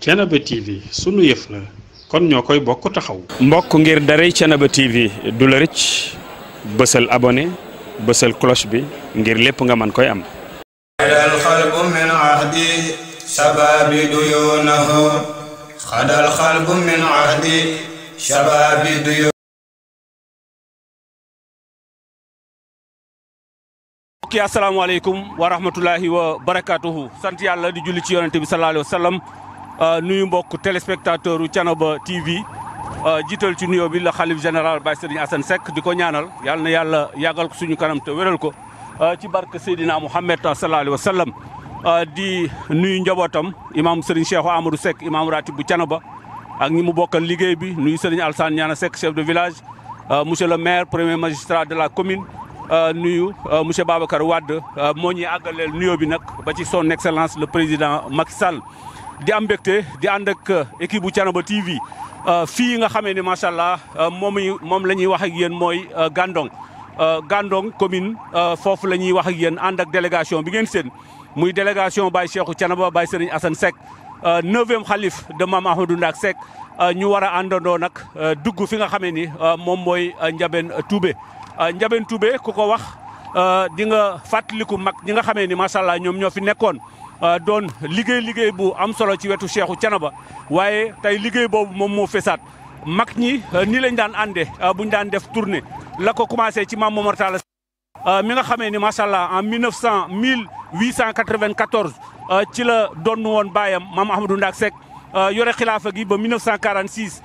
Thiénaba TV sunu yëf la kon ñoo koy bokk taxaw. mbokk ngir daray Thiénaba TV du la rëcc bësal abonné bësal cloche bi ngir lépp nga mën koy am. xadal xalbu min ahdi shababi duyunahu xadal xalbu min ahdi shababi duyunahu ki asalaamaaleykum wa rahmatulahi wa barakaatuhu sant yàlla di julli ci yonente bi sallallahu alayhi Euh, nuyu mbokk téléspectateur u Thiénaba TV euh, jiital ci nuyoo bi la xalif général ba Serigne Assane sek di ko ñaanal yàlla na yàlla yàggal ko suñu kanam te wéral ko euh, ci barke Seydina Mouhamed sallallahu alayhi wa sallam di nuyu njabootam imam Serigne Cheikh Amadou Seck imam ratib bu Thiénaba ak ñi mu bokkal liggéey bi nuyu al saan Niana sek chef de village monsieur le maire premier magistrat de la commune nuyu monsieur Babacar Wade moo ñuy àggaleel nuyoo bi nag ba ci son excellence le président Macky Sall di am mbégte di ànd ak euh, équipe bu Thiénaba TV euh, fii nga xamee ni macha allah euh, moom moom la ñuy wax ak yéen mooy Gandon Gandon commune foofu la ñuy wax ak yéen ànd ak délégation bi ngeen seen muy délégation Baye Cheikhou Thiénaba Baye Serigne Assane Seck neuvième xalif de Mame Ahmadou Ndack Seck ñu war a àndandoo nag dugg fi nga xamee ni moom mooy njabeen Toubé Ndiabène Toubé ku ko wax di nga fàttaliku mag ñi nga xamee ni macha allah ñoom ñoo fi nekkoon. Euh, doon liggéey liggéey bu am solo ci wetu Cheikhou Thiénaba waaye tey liggéey boobu moom moo fesaat mag ñi euh, nii lañ daan àndee euh, ñu daan def tournée la ko commencé ci maam Momar Talla mi nga xamee ni macha allah en 1900 1894 ci la doon woon baayam maam Ahmadou Ndak Seck yore xilaafa gi ba 1946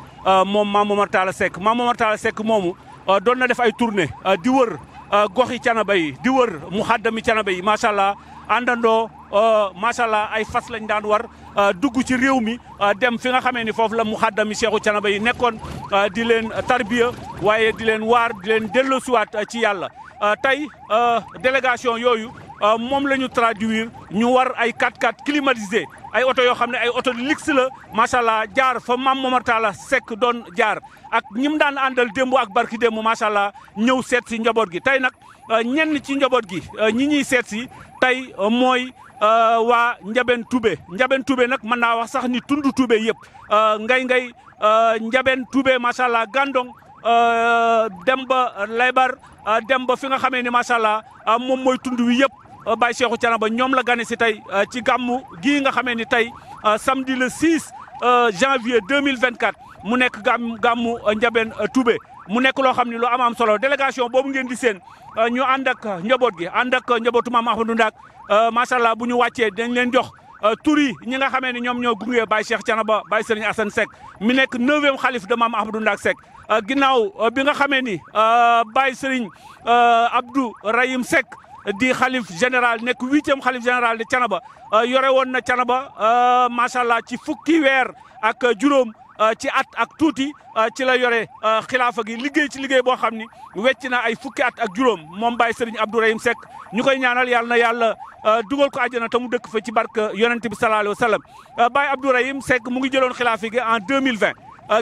moom ma maam Momar Talla Seck maam Momar Talla Seck moomu doon na def ay tournée di wër. Euh, gox yi canaba yi di wër mu xaddami canaba yi macha allah àndandoo euh, macha allah ay fas lañ daan war euh, dugg ci réew mi dem fi nga xamee ni foofu la mu xaddami seexu canaba yi nekkoon di leen tarbiya waaye di leen waar di leen suwaat ci yàlla tey délégation yooyu. Euh, moom la ñu traduire ñu war ay 4x4 ay oto yoo xam ne ay oto luxe la macha allah jaar fa mam Momar Talla Seck doon jaar ak ñi mu daan àndal démb ak barki démb macha allah ñëw seet si njaboot gi tey nag euh, ñenn ci njaboot gi euh, ñi ñuy seet si tey mooy waa njabeen Toubé njabeen Toubé nag mën naa wax sax ni tund Toubé yëpp ngay ngay njabeen Toubé macha allah Gandon dem ba Laybar dem fi nga xamee ni macha allah moom mooy tund wi yëpp. Euh, Baye Cheikhou Thiénaba ñoom la gane si tey euh, ci gàmmu gii nga xamee ni tey euh, samedi le 6 janvier 2024 mu nekk gàmm gàmmu Ndiabène Toubé mu nekk loo xam ne lu am am solo délégation boobu ngeen di seen ñu ànd ak njaboot gi ànd ak njabootu maam Ahmadou Ndak macha allah bu ñu wàccee dañ leen jox tur yi ñi nga xamee ni ñoom ñoo gunge Baye Cheikh Thiénaba Baye Serigne Assane sek mi nekk neuvième xalif de maam Ahmadou Ndak Seck ginnaaw bi nga xamee ni Baye Serigne Abdou Rahim sek di xalif général nekk huitième xalif général de Canaba euh, yore woon na Canaba euh, macha allah ci fukki weer ak juróom euh, ci at ak tuuti ci la yore xilaafa gi liggéey ci liggéey boo xam ni wecc na ay fukki at ak juróom moom Baye Serigne Abdourahim sek ñu koy ñaanal yàlla na yàlla dugal ko àjjana te mu dëkk fa ci barke yonente bi sallallahu baa wa sallam Baye Abdourahim Seck mu ngi jëloon xilaafa gi en 2020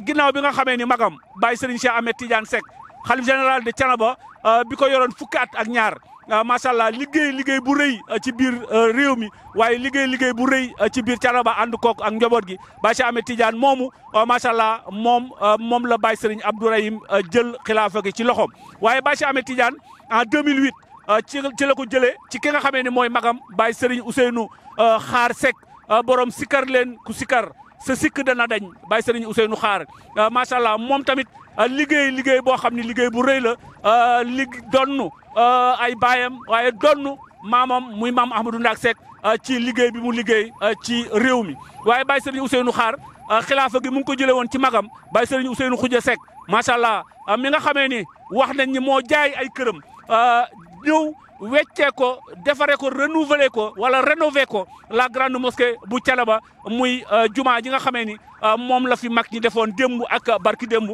ginnaaw bi nga xamee ni magam Baye Serigne Cheikh si Tidiane Seck xalif général de Thiénaba bi ko yoroon fukki at ak ñaar Ah, macha allah liggéey liggéey bu rëy ah, ci biir ah, réew mi waaye liggéey liggéey bu rëy ci biir Thiénaba ànd kook ak njaboot gi Baye Cheikh tijaan Tidiane moomu macha allah moom moom la Baye Serigne Abdourahim jël xilaafa gi ci loxoom waaye Baye Cheikh Ahmed Tidiane en 2008 ci ci la ko jëlee ci ki nga xamee ne mooy magam Baye Serigne Ousseynou Xaar Seck borom sikar leen ku sikar sa sikk dana dañ Baye Serigne Ousseynou Xaar macha allah moom tamit liggéey liggéey boo xam ni liggéey bu la li donn Euh, ay baayam waaye donn maamam muy maam Ahmadou Ndack Seck euh, ci liggéey bi mu liggéey euh, ci réew mi waaye Baye Serigne Ousseynou Xaar kilaafa gi mu ko jëlee woon ci magam Baye Serigne Ousseynou Khoudia Seck macha allah mi nga xamee ni wax nañ ni moo jaay ay këram ñëw weccee ko defaree ko renouveler ko wala renove ko la grande mosquée bu Thiénaba muy jumaa ji nga xamee ni moom la fi mag ñi defoon démb ak barki démb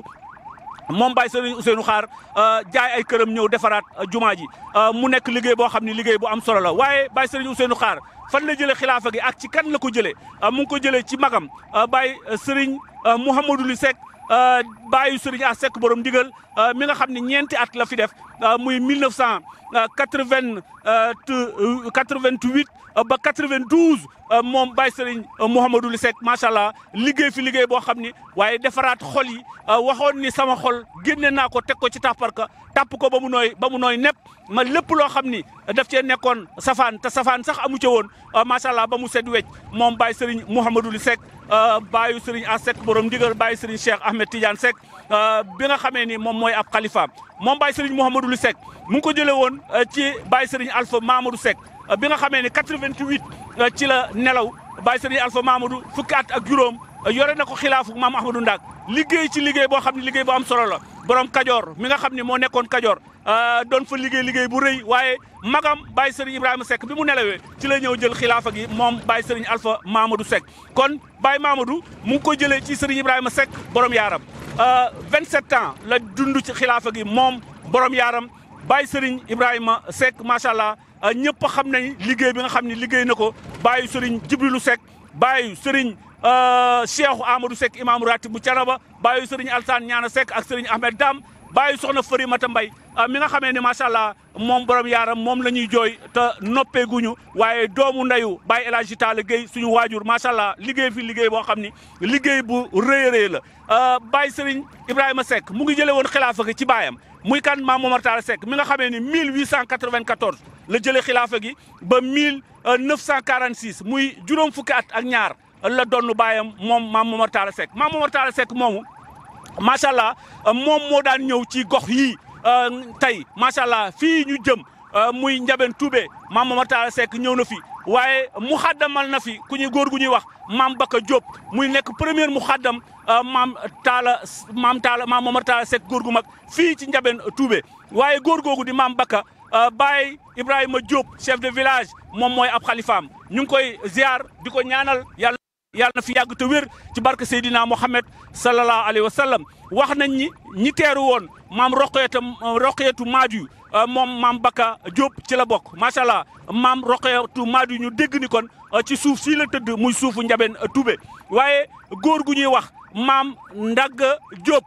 moom Baye Serigne Ousseynou Xaar euh, jaay ay këram ñëw defaraat euh, jumaa ji euh, mu nekk liggéey boo xam ne liggéey bu am solo la waaye Baye Serigne Ousseynou Xaar fan la jëlee xilaafa gi ak ci kan la ko jëlee mu ngi ko jëlee ci magam Baye Serigne Mouhamadou Li Seck baayu Serigne a sek borom ndigal mi nga xam ne ñeenti at la fi def Euh, muy 1988 euh, ba 92 euh, moom Baye Serigne Mouhamadou Seck macha allah liggéey fi liggéey boo xam ni waaye defaraat xol yi waxoon ni sama xol génne naa ko teg ko ci tàpparka tàpp ko ba mu nooy ba mu nooy nepp ma lépp loo xam ni def cee nekkoon safaan te safaan sax amu ca woon macha allah ba mu set wecc moom Baye Serigne Mouhamadou Seck baayu Serigne Assec borom ndigal Baye Serigne Cheikh Ahmed Tidiane Seck. Euh, bi nga xamee ni moom mooy ab xalifaam moom Baye Serigne Mouhamadou Lu Seck mu ngi ko jëlee woon euh, ci Baye Serigne Alpha Mamadou sek euh, bi nga xamee ni 88 ci la nelaw Baye Serigne Alpha Mamadou fukki at ak juróom yore na ko xilaafu maam Ahmadou Ndak liggéey ci liggéey boo xam ne liggéey bu am solo la borom Kajoor mi nga xam ne moo nekkoon Kajoor doon fa liggéey liggéey bu rëy waaye magam Baye Serigne Ibrahima Seck bi mu nelawee ci la ñëw jël xilaafa gi moom Baye Serigne Alpha Mamadou Seck kon Baye Mamadou mu ko jëlee ci Serigne Ibrahima Seck borom yaaram 27 euh, ans la dund ci xilaafa gi moom borom yaaram Baye Serigne Ibrahima sek macha allah euh, ñëpp xam nañ liggéey bi nga xam ni liggéey na ko Baye Serigne Jibrilu Seck Baye Serigne euh, Cheikh Amadou Seck imaamu ratib bu Canaba Baye Serigne Alsaan Ñaana Seck ak Serigne Ahmed Dam bàyyi soxna mata Mbay ah, mi nga xamee ni macha allah moom borom yaaram moom la ñuy jooy te noppeeguñu waaye doomu ndeyu Baye El Hadji Talla Gueye suñu waajur macha allah liggéey fi liggéey boo xam ni liggéey bu rëy rëy la. Ah, Baye Serigne Ibrahima Seck mu ngi jëlee woon xilaafa gi ci baayam muy kan maam taa Talla sek mi nga xamee ni 1894 la jëlee xilaafa gi ba 1946 muy juróom fukki at ak ñaar la donn baayam moom maam Momar Talla Seck maam Momar Talla Seck moomu. macha allah euh, moom moo daan ñëw ci gox yii euh, tey macha allah fii ñu jëm euh, muy Ndiabène Toubé maam Momar Talla Seck ñëw na fi. waaye mu xaddamal na fi ku ñuy góor gu ñuy wax maam Bakka Diop muy nekk premier mu xaddam maam Talla maam Talla maam Momar Talla Seck góor gu mag fii ci njabeen Toubé waaye góor googu di maam Bakka. Baye Ibrahima Diop chef de village moom mooy ab xalifaam ñu ngi koy ziar di ko ñaanal yàlla. yàlla na fi yàgg te ci barka Seydina Mohamed sallallahu alayhi wa sallam wax nañ ñi ñi teeru woon maam roqeetu roqeetu euh, moom maam Bakka Diop ci la bokk macha allah maam roqeetu maaju ñu dégg ni kon euh, ci suuf sii la tëdd muy suufu Ndiabène euh, Toubé waaye góor gu ñuy wax maam Ndagg Diop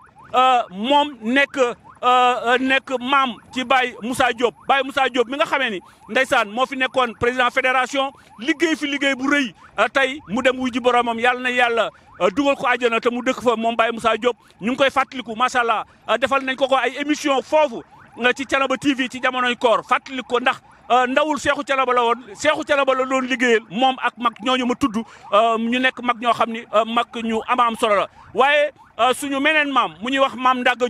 moom nekk Euh, euh, nekk maam ci Baye Moussa Diop Baye Moussa Diop mi nga xamee ni ndeysaan moo fi nekkoon président fédération liggéey fi liggéey bu rëy euh, tey mu dem wuy ji boromam yàlla na yàlla dugal ko àjjana te mu dëkk fo moom Baye Moussa Diop ñu ngi koy fàttaliku macha allah defal nañ ko ko ay émission foofu ci Thiénaba TV ci jamonoy koor fàttaliku ko ndax ndawul seexu Thiénaba la woon seexu Thiénaba la doon liggéeyal moom ak mag ñooñu ma tudd ñu nekk mag ñoo xam ni mag ñu ama am solo la waaye suñu meneen maam mu ñuy wax maam Ndaga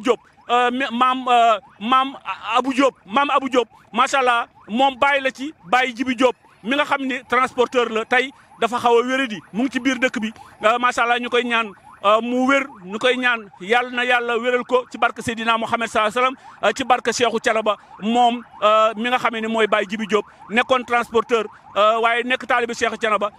Euh, maam euh, maam abu Diop maam abu Diop macha allah moom bàyyi la ci bàyyi jibi Diop mi nga xam ne transporteur la tey dafa xaw a wéradi mu ngi ci biir dëkk bi euh, macha ñu koy ñaan. mu wér ñu koy ñaan yàlla na yàlla wéral ko ci barke Seydina Mohamed Salah Salam ci barke Cheikhou Thiénaba moom mi nga xamee ne mooy Baye Jibi Diop nekkoon transporteur waaye nekk taalibe Cheikhou Thiénaba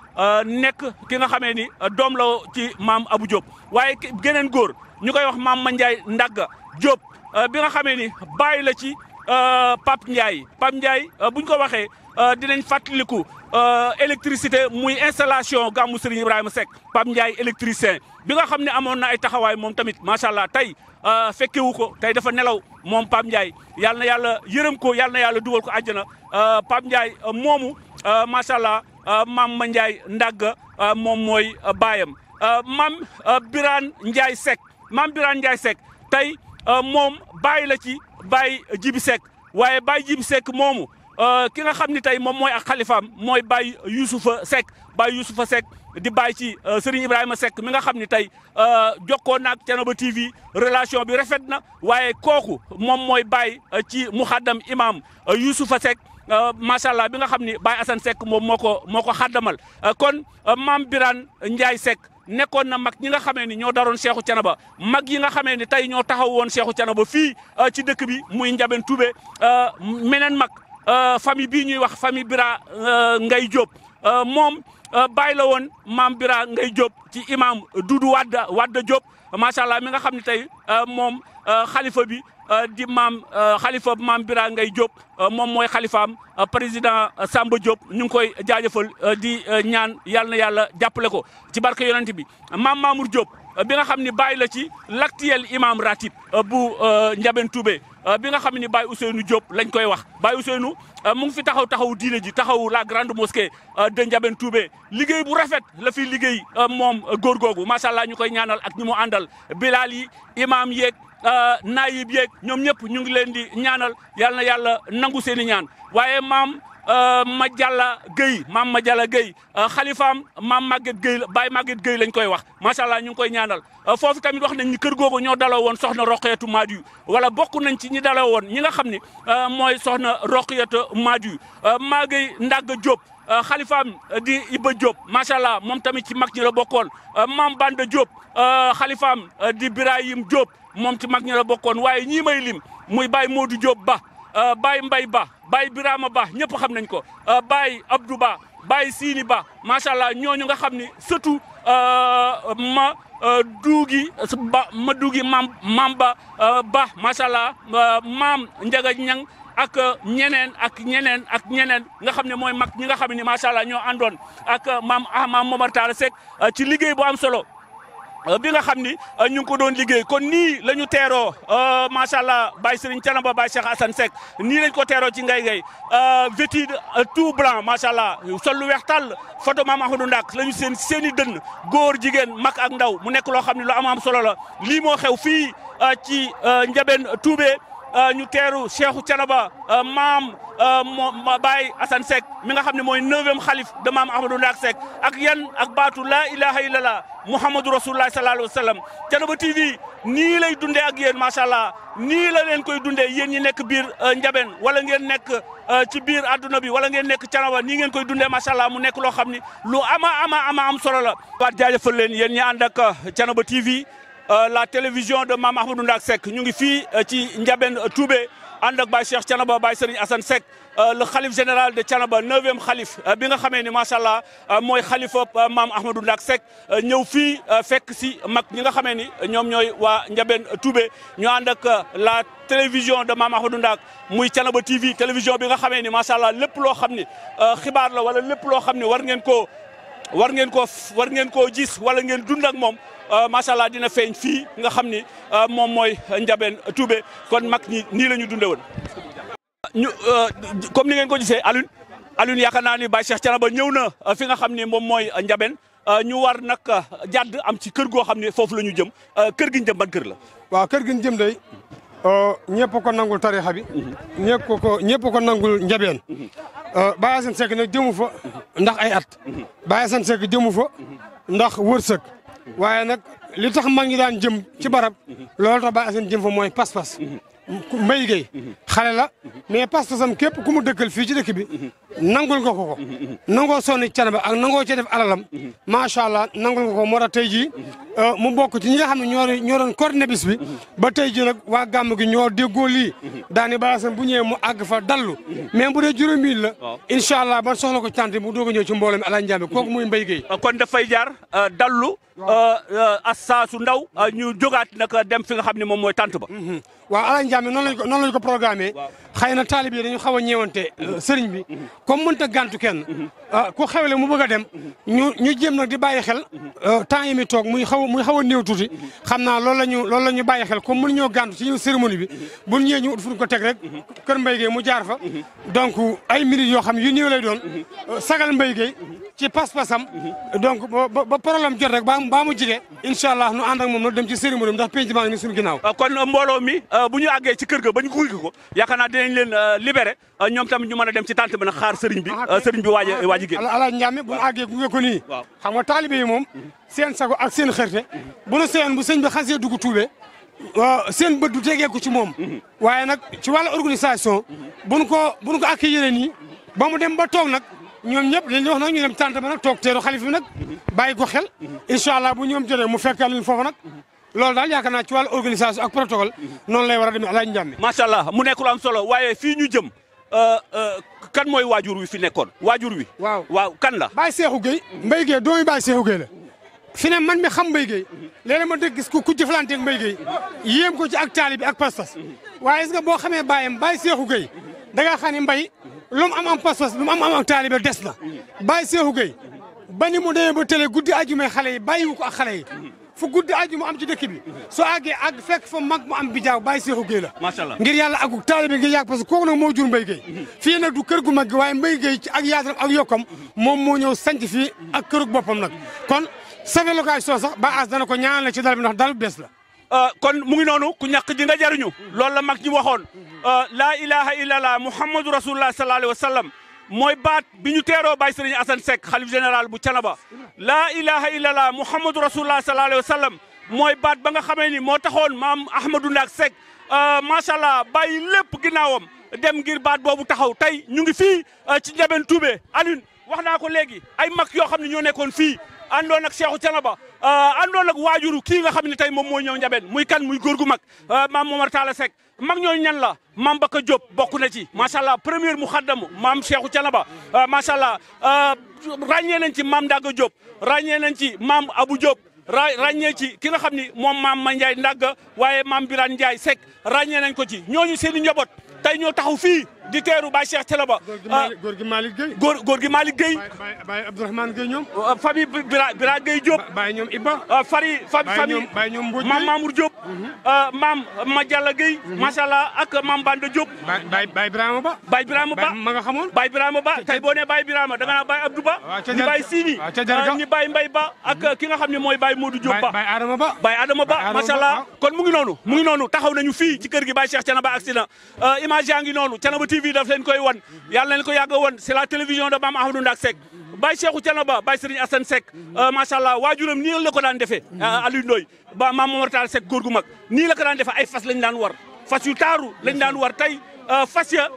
nekk ki nga xamee ni doom la ci maam abu Diop waaye geneen góor ñu koy wax maam Mandiaye Ndagga Diop euh, bi nga xamee ni bàyyi la ci euh, Pape Ndiaye Pape Ndiaye euh, bu ko waxee dinañ fàttaliku électricité muy installation gàmmu Serigne Ibrahima sek Pape Ndiaye électricien bi nga xam ne amoon na ay taxawaay moom tamit macha allah tey fekkewu ko tey dafa nelaw moom Pape Ndiaye yàlla na yàlla yërëm ko yàlla na yàlla dugal ko àjjana Pape Ndiaye moomu macha allah maam ma Ndiaye ndàgg moom mooy baayam maam Birane Ndiaye Seck mam Birane Ndiaye Seck tey. Euh, moom bàyyi la ci bàyyi jibi sekk waaye bàyyi jibi sekk moomu euh, ki nga xam ni tey moom mooy ak xalifaam mooy bàyyi Yuusufa Sekk bàyyi Yuusufa Sekk di bàyyi ci euh, Serigne Ibrahima Seck mi nga xam ni tey jokkoo naag Thiénaba TV relation bi rafet na waaye kooku moom mooy bàyyi ci muxaddam imaam Yuusufa Seck macha allah bi nga xam ni Baye asan sek moom moo ko moo ko xaddamal kon maam biraan Ndiaye Seck nekkoon na mag ñi nga xamee ni ñoo daroon Seexu Canaba mag yi nga xamee ni tey ñoo taxaw woon Seexu Canaba fii euh, ci dëkk bi muy Ndiabène Toubé euh, meneen mag euh, famille bii ñuy wax famille Bira Ngay Diop moom bàyyi la woon maam Bira Ngay Diop ci imam Doudou Wadda Wadda Diop macha allah mi nga xam ni tey euh, moom euh, xalifa bi euh, di maam xalifa maam Bira Ngay Diop moom mooy xalifaam président Samba Diop ñu ngi koy jaajëfal di ñaan yàlla na yàlla jàppale ko ci barke yonent bi maam Mamour Diop bi nga xam ni bàyyi la ci l'actuel imam ratib bu njaben Toubé. Euh, bi nga xam ni Baye Ousseynou Diop lañ koy wax Baye Ousseynou euh, mu ngi fi taxaw taxaw diine ji taxaw la grande mosquée euh, de Ndiabène Toubé liggéey bu rafet la fi liggéey moom góor googu macha allah ñu koy ñaanal ak ñu mu àndal bilal yi imaam yeeg naayib yeeg ñoom ñëpp ñu ngi leen di ñaanal yal na yàlla nangu seen i ñaan waaye maam. Euh, Madialla Gueye maam Madialla Gueye euh, xalifaam maam Maguette Gueye Baye Maguette Gueye lañ koy wax macha allah ñu ngi koy ñaanal euh, foofu tamit wax nañ ni kër googu ñoo daloo woon soxna Roqeetu Maadiyu wala bokk nañ ci ñi daloo woon ñi nga xam ni mooy soxna Roqeetu Maadiyu maa ngay ndàgg Diop xalifaam di Iba Diop macha allah moom tamit ci mag ñi la bokkoon maam Banda Diop xalifaam di Birahim Diop moom ti mag ñi la bokkoon waaye ñii may lim muy Baye Modou Diop ba. Euh, Baye Mbay Ba Baye Birama Ba ñëpp xam nañ ko euh, Baye Abdou Ba Baye siini Ba macha allah ñooñu nga xam ni surtout euh, ma duugi ba ma duugi maam maam ba ba macha allah maam Njaga Ñang ak ñeneen ak ñeneen ak ñeneen nga xam ne mooy mag ñi nga xam ne macha allah ñoo àndoon ak maam ah maam Momar Talla Seck ci liggéey bu am solo. Euh, bi nga xam ni euh, ñu ngi ko doon liggéey kon nii la ñu teeroo euh, macha allah Baye Serigne Thiénaba Baye Cheikh Assane Seck nii lañ ko teeroo ci Ngaye Ngaye vêtu tout blanc macha allah sol lu weex tàll photo maam Ahmadou Ndak la ñu seen seen i dënn góor jigéen mag ak ndaw mu nekk loo xam ne lu am am solo la lii moo xew fii ci Ndiabène Toubé. Euh, ñu teeru Cheikhou Thiénaba euh, maam euh, moo Baye Assane Seck mi nga xam ne mooy neuvième xalif de maam Ahmadou Ndaak Seck ak yan ak baatu laa ilaha illallah Muhammadu Rasulullah sallallahu alayhi wa sallam Thiénaba TV nii lay dundee ak yéen macha allah nii la leen koy dundee yéen ñi nekk biir Ndiabène wala ngeen nekk ci biir adduna bi wala ngeen nekk Thiénaba nii ngeen koy dundee macha mu nekk loo xam ni lu ama ama ama am solo la. waat jaajëfal leen yéen ñi ànd ak Thiénaba TV. Euh, la télévision de Mame Ahmadou Ndack ñu ngi fii euh, ci Ndiabène Toubé ànd ak Baye Cheikh Thiénaba Baye Serigne Assane Seck euh, le xalif général de Thiénaba neuvième xalif bi nga xamee ni macha allah mooy xalifa Mame Ahmadou sek ñëw fii fek si mag ñi nga xamee ni ñoom ñooy waa Ndiabène Toubé ñu ànd ak la télévision de Mame Ahmadou muy Thiénaba TV télévision bi nga xamee ni macha allah lépp loo xam ni xibaar la wala lépp loo xam ni war ngeen ko war ngeen koo war ngeen koo gis wala ngeen dund ak moom euh, macha allah dina feeñ fii nga xam ni euh, moom mooy njabeen Toubé kon mag ñi nii la ñu dundee woon. ñu euh, comme ni ngeen ko gisee Alioune Alioune yaakaar naa ni Baye Cheikh Thiénaba ñëw na fi nga xam ni moom mooy njabeen ñu war nag jàdd am ci kër goo xam ne foofu la ñu jëm kër gi ñu jëm ban kër la. waaw kër gi ñu jëm day ñëpp ko nangul tarixa bi. Mhm. ñëpp ko ñëpp ko nangul Ndiabène. Mhm. Euh, Baye Assane Seck nag jëmu fa ndax ay at Baye Assane Seck jëmu fa ndax wërsëg waaye nag li tax mag ñi daan jëm ci barab lool tax Baye Assane jëm fa mooy pas-pas mbay gay xale la mais pas-pasam képp ku mu dëkkal fii ci dëkk bi nangul nga ko ko nangoo sonni canaba ak nangoo cee def alalam macha allah nangul nga ko moo tax tey jii euh, mu bokk ci ñi nga xam ne ñoo ñoo doon coordonné bis bi ba tey jii nag waa gàmm gi ñoo déggoo lii daani balasam bu ñëwee mu àgg fa dallu mais bu dee juróomi la incha allah ba soxla ko cant mu doog a ñëw ci mbooloo mi alaaj Njaambe kooku muy Mbaye Gueye euh, kon dafay jaar euh, dallu assa su ndaw a ñu jógaat nag dem fi nga xam ne moom mooy tant ne xëy na taalib yi dañu xaw a ñeewante sëriñ bi comme mënta gàntu kenn ah, ku xewle mu bëgg a dem ñu ñu jéem nag di bàyyi xel ah, temps yi mi toog muy xaw muy xaw a néew xam naa lool la ñu loolu la ñu bàyyi xel comme mënu ñoo gàntu ci cérémonie bi bu ñëwee ñu ut fu ñu ko teg rek kër Mbaye Gueye mu jaar fa donc ay minutes yoo xam yu néew lay doon sagal Mbaye Gueye ci pas-pasam donc boo problème jot rek baa mu jige incha allah nu ànd ak moom nag dem ci cérémonie bi ndax pénc maa ngi suñu ginnaaw ah, kon mbooloo mi ñu àggee ci kër ga ba ñu ko yaakaar naa dinañ leen euh, libere euh, ñoom tamit ñu mën a dem ci tante bi nag xaar sëriñ bi ah, euh, sëriñ bi waaj a ah, waaj a génn alaaj njàmme bu ñu àggee gunge ko nii waaw xam nga taalibe yi moom mhm. seen sago ak seen xërte bu nu seen bu sëñ bi xasee dugg tuubee seen bët du tegee ko ci moom mhm. waaye nag ci wàllu organisation mhm. buñ ko buñ ko accueillir nii ba mu dem ba toog nag ñoom ñëpp dañuy wax nag ñu dem tante ba nag toog teeru xalif bi nag bàyyi ko xel incha allah bu ñoom jotee mu fekkal leen foofu nag loolu daal yaakaar naa ci wàllu organisation ak protocole noonu lay war a demee El Hadj Ndiamé. macha mu nekk lu am solo waaye fii ñu jëm euh, euh, kan mooy waajur wi fi nekkoon waajur wi. waaw waaw kan la. Baye Cheikhou Gueye. Mbaye Gueye doomi Baye Cheikhou Gueye la. fi ne man mi xam Mbaye Gueye léeg-léeg ma dégg gis ku ku jëflanteeg Mbaye Gueye yéem ko ci ak taali bi ak pas waaye si ce boo xamee baayam Baye Cheikhou Gueye da ngaa xam ne mbay lu am am pas-pas lu mu am am ak taali bi des na Baye Cheikhou Gueye ba ni mu demee ba télé guddi aju xale yi bàyyiwu ko ak yi fu guddi aju mu am ci dëkk bi soo àggee àgg fekk fa mag mu am bijaaw bàyyi seexu géey la ngir yàlla àggu taalibe gi yàgg parce que kooku nag moo jur mbéy géey mhm. fii nag du kër gu mag gi waay mbéy géey ci ak yaasaram ak yokkam moom moo ñëw sanc fii ak kërug boppam nag kon save locage soo sax ba as dana ko ñaanal ci dal bi ndax dal bees la euh, kon mu ngi noonu ku ñàkk ji nga jariñu loolu la mag ñi waxoon euh, laa ilaha illallah muhammadu rasulullah sallallahu alayhi wa sallam mooy baat bi ñu teeroo Baye Serigne Assane Seck xalif général bu Canaba laa ilaha illallah muhammadu rasulullah sallallahu alayhi wa sallam mooy baat ba nga xamee ni moo taxoon maam Ahmadou Ndaak Seck euh, macha allah bàyyi lépp ginnaawam dem ngir baat boobu taxaw tey ñu ngi fii euh, ci Ndiabène tube Alioune wax naa ko léegi ay mag yoo xam ne ñoo nekkoon fii àndoon ak Cheikhou Canaba Euh, àndoon ak waajuru kii nga xam ni tey moom mooy ñow njabeen muy kan muy góor gu mag euh, maam Momar Talla Seck mag ñooñu ñan la maam Baka Diop bokk na ci macha allah première mu xaddamu maam Cheikhou Thiénaba euh, macha allah ràññee nañ ci maam Ndaga Diop ràññee nañ ci maam Abou Diop. ràññee ci ki nga xam ni moom maam ma Ndiaye ndàgg waaye maam Birane Ndiaye Seck ràññee nañ ko ci ñooñu seen i njaboot tey ñoo taxaw fii di teeru Baye Cheikh Thiénaba. Ah. góor gi Malick Gueye. góor góor gi Malick Gueye. Baye Baye Abdourahmane Gueye ñoom. Ah, famille Bira Bira Gueye Diop. Baye ñoom Iba. Ah, fari famille Baye ñoom Mbodj maam Mamour Diop. maam mhm. Madialla Gueye. Mhm. macha allah ak maam Banda Diop. Baye Baye Birama Ba. Baye Birama Ba ma Ba tey boo nee Baye Birama danga naa Baye Abdou Ba. waaw bay Jarga waaw ca Jarga Ba ak mhm. ki nga xam ni mooy Baye Modou Diop Ba. Baye Adama Ba Baye Adama Ba macha allah kon mu ngi noonu mu ngi noonu taxaw nañu fii ci kër gi Baye Cheikh Thiénaba accident image yaa ngi noonu Thiénaba TV daf leen koy wan yàlla leen ko yàgg wan c'est la télévision de Mame Ahmadou Ndack Seck Baye Cheikhou Thiénaba Baye Serigne Assane Seck euh, macha allah waajuram nii la ko daan defee euh, Aliou Ndoye ba Mame Momar Tall Seck góor nii la ko daan defee ay fas lañ daan war fas taaru lañ daan war tey euh, fas ya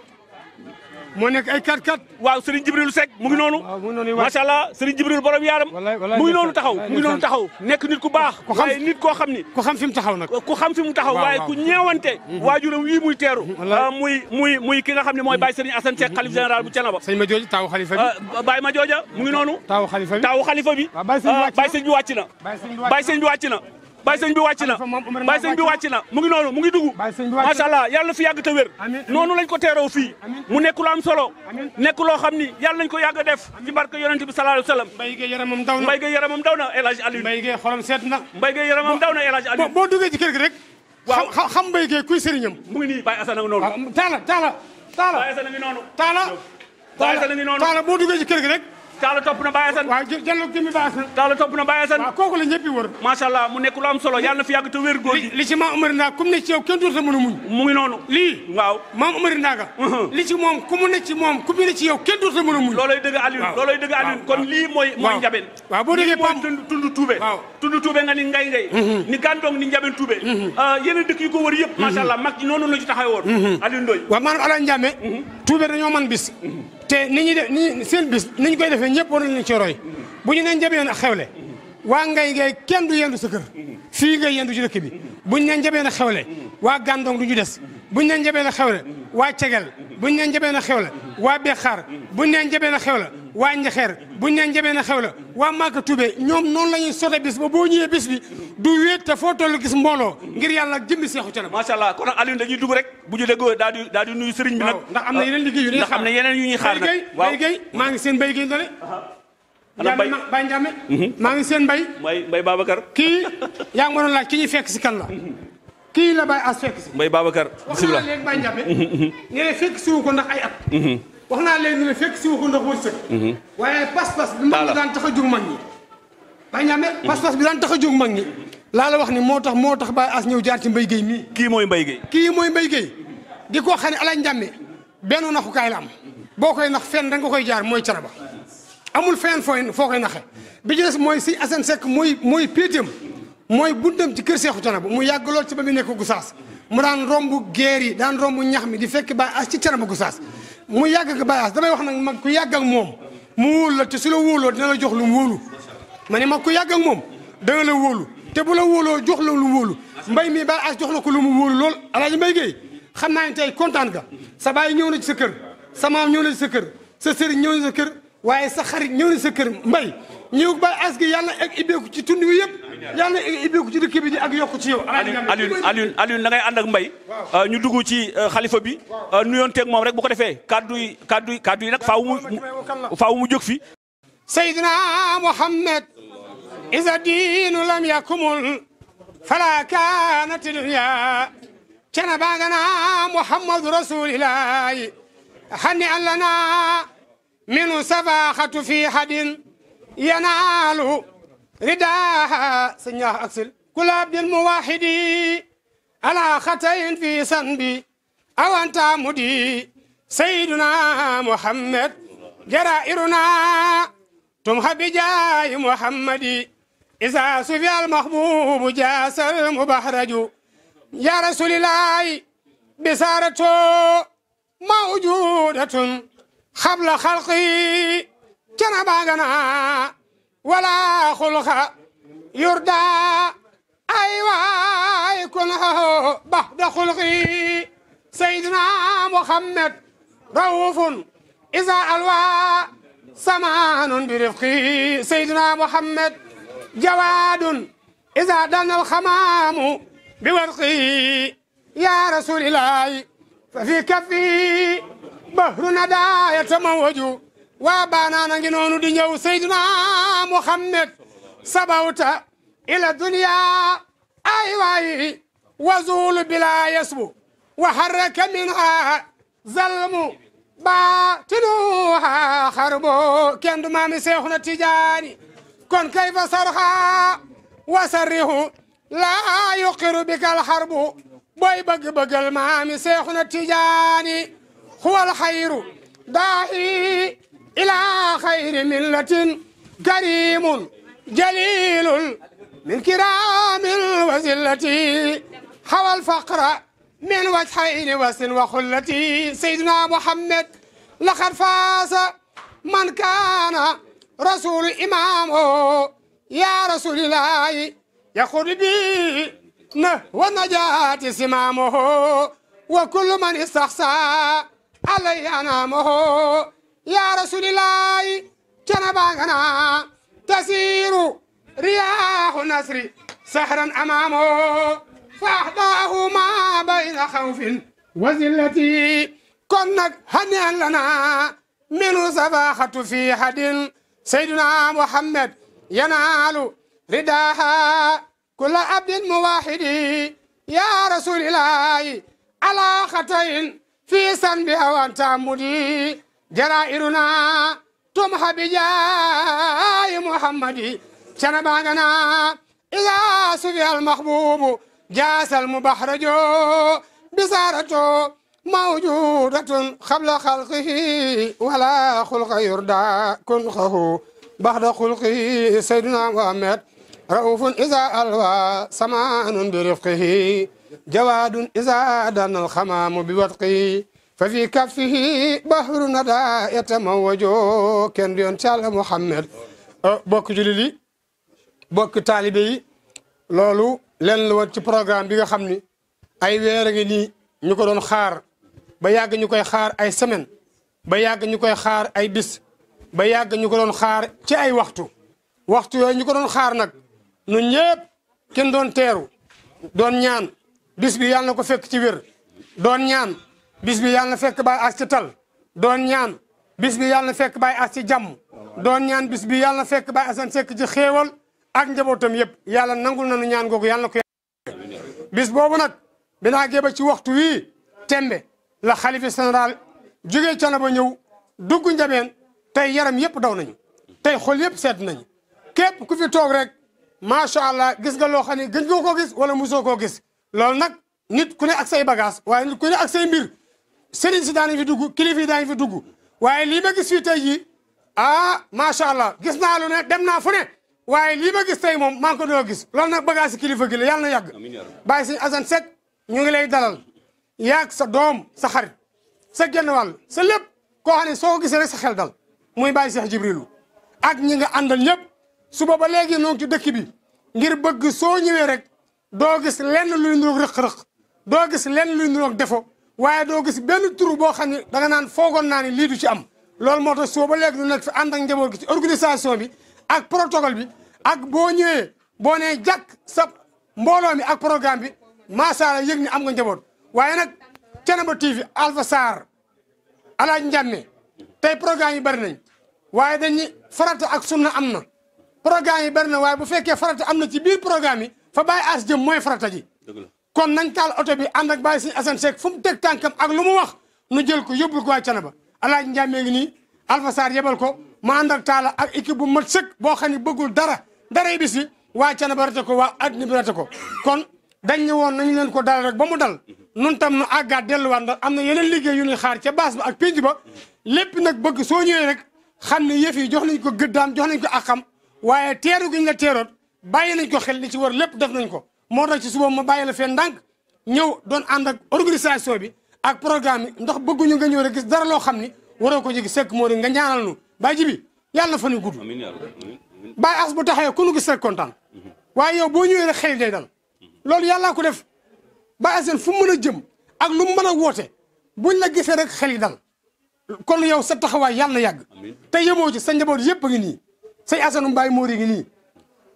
moo nekk ay kat kat waaw Serigne Jibril Seck mu ngi ah, noonu macha allah Serigne Jibril yaa yaaram mu ngi noonu taxaw mu ngi noonu taxaw nekk nit ku baax waaye nit koo xam ni ku xam fi mu taxaw nag ku xam fi mu taxaw waaye ku ñeewante mhm. waajuram wii muy teeru ah, muy muy muy ki nga xam ne mooy Baye Serigne Assane Seck xalif mhm. général bu Thiénaba sëñ ma jooja taawu xalifa bi ah, Baye ma jooja mu ngi noonu taawu xalifa bi taawu xalifa bi Baye Serigne bi wàcc na Baye Serigne bi wàcc na Baye sëñ bi wàcc na Baye sëñ bi wàcc na mu ngi noonu mu ngi dugg macha allah yàlla fi yàgg te wér noonu lañ ko teeroo fii mu nekk lu am solo nekk loo xam ni yàlla nañ ko yàgg a def ci barke yonent bi sallallahu mbay gee yaramam daw na mbay gee mbay gee xolam seet na mbay gee yaramam daw na El Hadj Aliou boo duggee ci kër gi rek waaw xam mbay gee kuy sëriñam mu ngi nii Baye Assane nga noonu taala taala taala Baye Assane ngi noonu taala Baye Assane ngi noonu taala Talla topp na Baye Assane waaw jël na jëmmi mu nekk lu am solo yàlla na fi yàgg te wér góor gi li ci Mame Omar Ndaga comme ne ci yow kenn dootu mën a muñ mu ngi noonu lii waaw Mame Omar Ndaga uh-huh. li moom ku ne ci moom ku ne ci yow kenn dootu mën a muñ looloy dëgg Alioune looloy dëgg Alioune kon lii mooy mooy njaben boo déggee pam tuube tund tuube nga ni ngay ngay mm-hmm. ni gàndong ni njaben tuube mm-hmm. euh, yeneen dëkk yu ko wër yëpp macha mm-hmm. allah noonu la ci taxawoon Alioune Ndoye waaw te ni ñuy def ni seen bis ni ñu koy defee ñëpp war nañu ci roy bu ñu nee njëriñoon ak xewle waa ngay ngay kenn du yendu sa kër fii ngay yendu ci dëkk bi buñ ne njabee na xewle waa gàndong du ñu des buñ ne njabee na xewle waa cegel buñ ne njabee na xewle waa bexaar buñ ne njabee na xewle waa njaxeer buñ ne njabee na xewle waa maaka tubee ñoom noon la ñuy a bis ba boo ñëwee bis bi du wéet te foo toll gis mbooloo ngir yàlla jëmbi seexu ca na macha allah kon Alioune dañuy dugg rek bu ñu déggoo daal di daal di sëriñ bi nag ndax am na yeneen liggéey yu ñuy xaar nag béy maa ngi seen béy géy ana Baye Baye mhm. maa ngi seen Baye. Mbaye Mbaye Babacar. kii yaa ngi ma doon laaj ñuy fekk si kan la. Mhm. kii la Baye as fekk si. Mbaye Babacar bisimilah wax naa leen Baye Ndiame. Mhm. nga ne fekk si wu ko ndax ay at. wax naa leen ne fekk si wu ko ndax wërsëg. waaye pas-pas bi mag daan tax a jóg mag ñi. Baye Ndiame pas tax a mag ñi. laa la wax ni moo tax moo tax Baye as ñëw jaar ci Mbaye Guèye mii. kii mooy Mbaye Guèye. kii mooy Mbaye Guèye. di ko xam ne Alaaji Ndiame benn naxukaay la am. boo koy nax fenn da nga koy jaar mooy caraba amul fenn fooy foo koy naxe bi ci des mooy si Assane Seck mooy mooy péetam mooy buntam ci kër Seexu Canaba mu yàgg lool ci ba mu nekk saas mu daan romb geer yi daan romb ñax mi di fekk Baye Ass ci Canaba Gusaas mu yàgg ak Baye Ass damay wax nag mag ku yàgg ak moom mu wóolu la te su la wóoloo dina jox lu mu wóolu ma ne ku yàgg ak moom dana la wóolu te bu la wóoloo jox la lu mu mbay mi ba Ass jox la ko lu mu wóolu lool alaaji Mbay Géey xam naa ne tey kontaan nga sa baay ñëw na ci sa kër sa ñëw na sa kër sa sëriñ ñëw na kër waaye sa xarit ñëw na sa mbay ñëw ba as gi yàlla ci tund wi yëpp yàlla ci dëkk bi ni ak yokku ci yow Alioune Alioune Alioune da mbay euh, ñu dugg ci euh, xalifa bi euh, nuyoon teeg moom rek bu ko defee kaddu yi kaddu yi kaddu yi nag mu faaw mu jóg fi Seydina Muhammad isa diinu lam yakumul fala kanat dunya cana bagana Muhammadu rasulillahi hanni an minu safaxatu fi hadin yanaalu ridaa sa ñaax aksil kulaab dil muwahidi ala xatayin fi san bi awanta mudi sayyiduna muhammad jarairuna tum habijaay muhammadi isa sufi al mahbubu jaasal mubahraju ya rasulilahi bisarato mawjudatun xabla xalqi canabagana wala xulqa yurda ay waay kun baxda xulqi sayyidina muhammad raufun isa alwa samaanun bi rifqi sayyidina muhammad jawaadun isa danal xamaamu bi warqi ya rasulillahi fa fi kafi bahru na daaya tama waju waa baanaana ngi noonu di ñëw sayduna muhammad sabawta ila duniya ay waay wazulu bila yasbu wa harraka minha zalmu baatinuha xarbo kenn du maami seexuna tijaani kon kayfa sarha wa sarrihu laa yuqiru bika alxarbu booy bëgg-bëggal maami seexuna tijaani هو الخير داعي إلى خير ملة كريم جليل من كرام وزلتي حوى الفقر من وجهين وسن وخلتي سيدنا محمد لقد فاز من كان رسول إمامه يا رسول الله يخر بي ونجاة سمامه وكل من استحسن عليها نامه يا رسول الله جنبانا تسير رياح النسر سحرا أمامه فأحداه ما بين خوف وزلتي كنك هنيئا لنا من زباخة في حد سيدنا محمد ينال رداها كل عبد موحد يا رسول الله على خطئ في سن بها وانت مدي جرائرنا تمحى بجاي محمد شنباننا إذا سفي المحبوب جاس المبحرج بصارته موجودة قبل خلقه ولا خلق يردى كنخه بعد خلقه سيدنا محمد رؤوف إذا ألوى سمان برفقه جواد إذا دان الخمام بوطقي ففي كفه بحر ندى يتموج كن ديون تعالى محمد bokk jullit yi bokk taalibe yi loolu leen la wat ci programme bi nga xam ni ay weer a ngi nii ñu ko doon xaar ba yàgg ñu koy xaar ay semaine ba yàgg ñu koy xaar ay bis ba yàgg ñu ko doon xaar ci ay waxtu waxtu yooyu ñu ko doon xaar nag ñun ñëpp kenn doon teeru doon ñaan bis bi yàlla na ko fekk ci wér doon ñaan bis bi yàlla na fekk baay as ci tal doon ñaan bis bi yàlla na fekk baay as ci jàmm doon ñaan bis bi yàlla na fekk baay asan sekk ci xéewal ak njabootam yëpp yàlla nangul nañu ñaan googu yàlla na ko bis boobu nag binaa géeba ci waxtu wii tembe la xalifa général jógee cana ba ñëw dugg njameen tey yaram yëpp daw nañu tey xol yëpp seet nañu képp ku fi toog rek macha allah gis nga loo xam ne gëj nga koo gis wala musoo koo gis loolu nag nit ku ne ak say bagage waaye nit ku ne ak say mbir sëriñ si daan fi dugg kilifa yi daan fi dugg waaye lii ma gis fii tey jii ah macha allah gis naa lu ne dem naa fu ne waaye lii ma gis tey moom maa ngi doo gis loolu nag bagage si kilifa gi la yàlla na yàgg bàyyi si asan sec ñu ngi lay dalal yàgg sa doom sa xarit sa genn sa lépp koo xam soo ko gisee rek sa xel dal muy bàyyi Seex Jibrilu ak ñi nga àndal ñëpp suba ba léegi noo ngi ci dëkk bi ngir bëgg soo ñëwee rek doo gis lenn luy nuroog rëq-rëq doo gis lenn luy nuroog defo waaye doo gis benn tur boo xam ne danga naan foogoon naa ne lii du ci am loolu moo tax soo ba léegi ñu nekk fi ànd ak njaboot gi ci organisation bi ak protocole mi ak boo ñëwee boo nee jàkk sa mbooloo mi ak programme bi maasaara yëg ni am nga njaboot waaye nag Thiénaba TV Alpha Sarr alaaj Ndiame tey programme yi bari nañ waaye dañuy farata ak sunna am na programme yi bari na waaye bu fekkee farata am na ci biir programme yi fa bàyyi as jëm mooy farata ji kon nañ taal oto bi ànd ak bàyyi suñu Assane Seck fu mu teg tànkam ak lu mu wax nu jël ko yóbbu ko waa Canaba alaaji Ndiame ngi nii Alpha Sarr yebal ko mu ànd ak taala ak équipe bu mat sëkk boo xam ne bëggul dara daray bis bi waa Canaba rate ko waa adduna bi rate ko kon dañ ne woon nañ leen ko dal rek ba mu dal nun tam nu àggaat waan ndax am na yeneen liggéey yu ñuy xaar ca baas ba ak pénc ba lépp nag bëgg soo ñëwee rek xam ne yëf yi jox nañ ko gëddaam jox nañ ko ak xam waaye teeru gi ñu la bàyyi nañ ko xel li ci war lépp def nañ ko moo tax ci suba ma bàyyi la fee ndànk ñëw doon ànd ak organisation bi ak programme bi ndax bëgguñu nga ñëw rek gis dara loo xam ni waroo ko jigi sekk moo di nga ñaanal nu bàyyi ji bi yàlla na fan yu gudd bàyyi as bu taxawee ku nu gis rek yow boo ñëwee rek xel day dal loolu yàllaa ko def bàyyi aseen fu mën a jëm ak lu mu mën a woote buñ la gisee rek xel yi dal kon yow sa taxawaay yàlla na yàgg te yemoo ci sa njaboot yëpp a ngi nii say asanum bàyyi moori ngi nii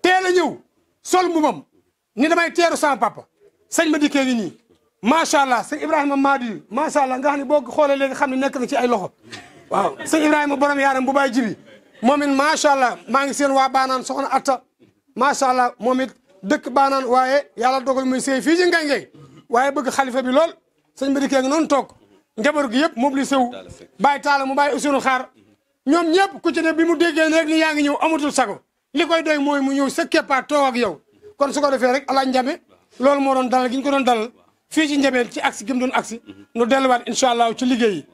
teel a ñëw sol mbubam ni damay teeru sama papa sëñ ma dikkee ngi nii macha allah sëñ Ibrahima Madi macha allah nga xam ne boo xoolee léegi xam ne nekk na ci ay loxo waaw sëñ Ibrahima borom yaaram bu baay jibi moom it macha allah maa ngi seen waa baanaan soxna Atta macha allah moom dëkk baanaan waaye yàlla dogal muy sëy fii ci Ngaye waaye bëgg xalifa bi lool sëñ ma dikkee ngi noonu toog njaboot gi yëpp mobilisé wu taala mu bàyyi usinu xaar ñoom ñëpp ku ci ne bi mu déggee rek yaa ngi ñëw amatul sago li koy doy mooy mu ñëw sa keppaa toog ak yow kon su ko defee rek alaaj njame loolu moo doon dalal gi ñu ko doon dalal fii ci njameen ci aksi gi mu doon aksi nu delluwaat incha allah ci liggéey yi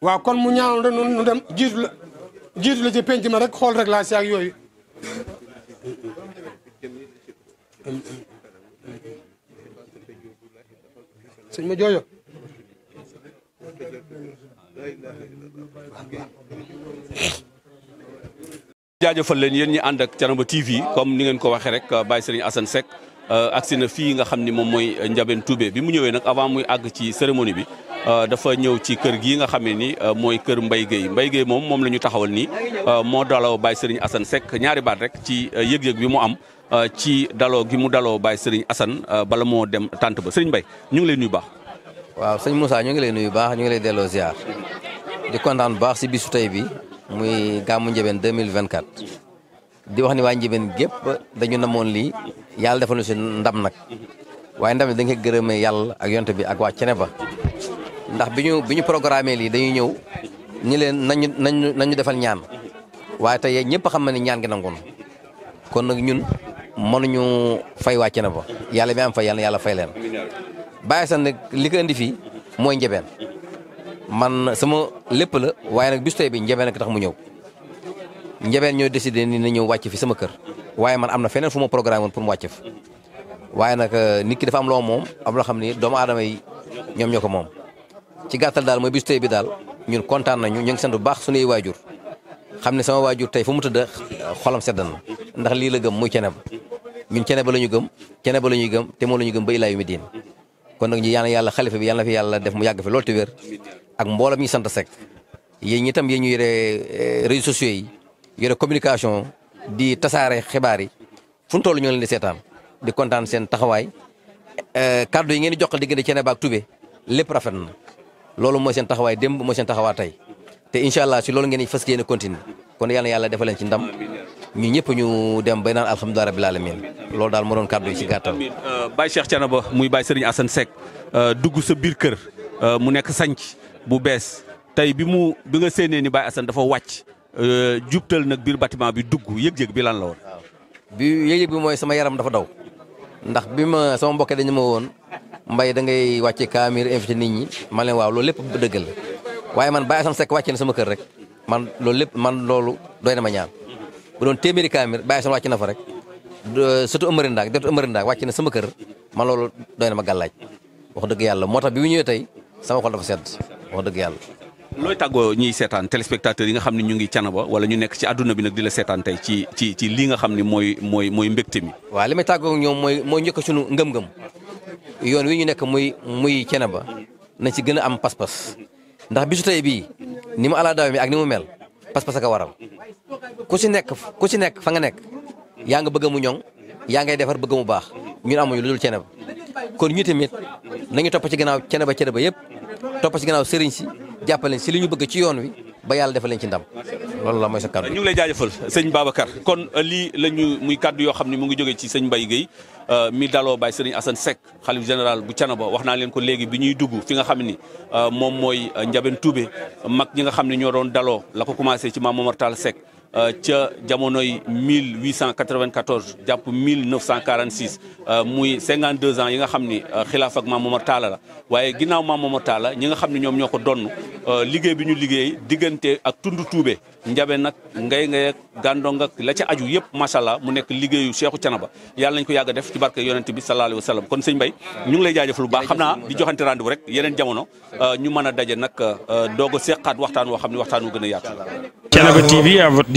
waaw kon mu ñaanal rek nu dem jiitu la jiitu la ci penc ma rek xool rek laa si ak yooyu sëñ ma jaajëfal leen yéen ñi ànd ak Thiénaba TV comme ni ngeen ko waxee rek euh, Baye Serigne Assane Seck euh, agsi na fii nga xam ni moom mooy Ndiabène Toubé bi mu ñëwee nag avant muy àgg ci cérémonie bi euh, dafa ñëw ci kër gii nga xam ne ni mooy kër Mbaye Guèye Mbaye moom moom la ñu taxawal nii moo daloo Baye sëriñ Assane Seck ñaari baat rek ci yëg-yëg bi mu am ci daloo gi mu daloo Baye Serigne Assane bala moo dem tant ba Serigne Mbaye ñu ngi lay nuyu baax. waaw sëñ Moussa ñu ngi lay nuyu baax ñu ngi lay delloo ziar di kontaan bu tey bi muy gàmmu Ndiébène 2024 di wax ni waa Ndiébène gépp dañu namoon lii yàlla defal ñu si ndam nag waaye ndam li dañ koy gërëmee yàlla ak yonte bi ak waa cene ba ndax bi ñu bi ñu programmé lii dañuy ñëw ñi leen nañu nañu nañu defal ñaan waaye tey ñëpp xam na ni ñaan gi nangoon kon nag ñun mënuñu fay waa cene ba yàlla mi am fay yàlla yàlla fay leen bàyyi sax nag li ko indi fii mooy Ndiébène man sama lépp la waaye nag bis tey bi njabeen ak tax mu ñëw njabeen ñoo décidé nii na ñëw wàcc fi sama kër waaye man am na feneen fu ma programme pour mu wàcc fa waaye nag euh, nit ki dafa am loo moom am loo xam ni doomu aadama yi ñoom ñoo ko moom ci gàttal daal mooy bis tey bi daal ñun kontaan nañu ñu ngi seen bu baax suñuy waajur xam ne sama waajur tey fu mu tëdd xolam sedd ndax lii la gëm muy Ceneba ñun Ceneba la ñu gëm Ceneba la ñuy gëm te moo la ñu gëm ba ilaa mi diin kon nag ñu yaan yàlla xalifa bi yàlla fi yàlla def mu yàgg fi loolu te wér ak mbooloo mi ñu sant Seck yéen ñi tam yéen ñu yore eh, réseaux sociaux yi yore communication di tasaare xibaar yi fu toll ñu leen seetaan di kontaan seen taxawaay eh, kàddu yi ngeen di jokkal diggante Thiénaba ak Toubé lépp rafet na loolu mooy seen taxawaay démb mooy seen taxawaay tey te incha si loolu ngeen di fas yéene continuer kon yàlla na yàlla defal leen ci ndam ñu ñëpp ñu dem bay naan alhamdulilah rabbil alamin loolu daal moo doon kàddu yi ci gàttal. Euh, Baye Cheikh Thiénaba muy Baye Serigne Assane Seck euh, dugg sa biir kër euh, mu nekk sanc bu bees tey bi mu bi nga séenee ni Baye Assane dafa wàcc jubtal nag biir bâtiment bi dugg yëg-yëg bi lan la woon. bi yëg-yëg bi mooy sama yaram dafa daw ndax bi ma sama mbokkee dañ ma woon mbay da ngay wàcce kaamir invité nit ñi ma leen waaw loolu lépp dëggal waaye man Baye Assane Seck wàcce na sama kër rek man loolu lépp man loolu doy na bu doon téeméeri kaamir baay son wàcc na fa rek surtout ëmëri ndaag dootu ëmëri ndaag wàcc na sama kër man loolu doy na ma gàllaaj wax dëgg yàlla moo tax bi mu ñëwee tey sama xol dafa sedd wax dëgg yàlla looy tàggoo ñiy seetaan téléspectateurs yi nga xam ne ñu ngi canaba wala ñu nekk ci àdduna bi nag di la seetaan tey ci ci ci lii nga xam ni mooy mooy mooy mbégte mi waaw li may tàggoo ñoom mooy mooy njëkk suñu ngëm-ngëm yoon wi ñu nekk muy muy canaba nañ ci gën a am pas ndax bisu tey bii ni mu alaa ak mel pas-pas ak a waral ku si nekk ku si nekk fa nga nekk yaa nga bëgg mu ñoŋ yaa ngay defar bëgg mu baax ñu amuñu lu dul cene ba kon ñu tamit nañu topp ci gannaaw cene ba cene ba yëpp topp ci gannaaw sëriñ si jàppale si li ñu bëgg ci yoon wi ba yàlla defal leen ci ndam loolu la mooy sa kàddu ñu ngi lay jaajëfal sëñ Babacar kon euh, lii la ñu muy kàddu yoo xam ne mu ngi jogee ci sëñ Mbaye Guèye euh, mi daloo baay sëriñ Assane Seck xalif général bu Thiénaba wax naa leen ko léegi bi ñuy dugg fi nga xam ni euh, moom mooy Ndiabène Toubé mag ñi nga xam ne ñoo doon daloo la ko commencé ci ma Momar Tall Seck Euh, ca jamonoy 1894 jàpp 1946 euh, muy 52 ans yi nga xam ni euh, xilaaf ak Maam Momar Talla la waaye ginnaaw Maam Momar Talla ñi nga xam ne ñoom ñoo ko donn liggéey bi ñu liggéey diggante ak tund tuube njabe nag ngay ngay ak gàndong ak la ca aju yëpp macha allah mu nekk liggéeyu Seexu Canaba yàlla nañ ko yàgg a def ci barke yonent bi sallallahu alayhi wa sallam kon sëñ Mbay ñu ngi lay jaajëfal lu baax xam naa di joxante rendez-vous rek yeneen jamono ñu mën a daje nag doog a seqaat waxtaan woo xam ne waxtaan wu gën a yaatu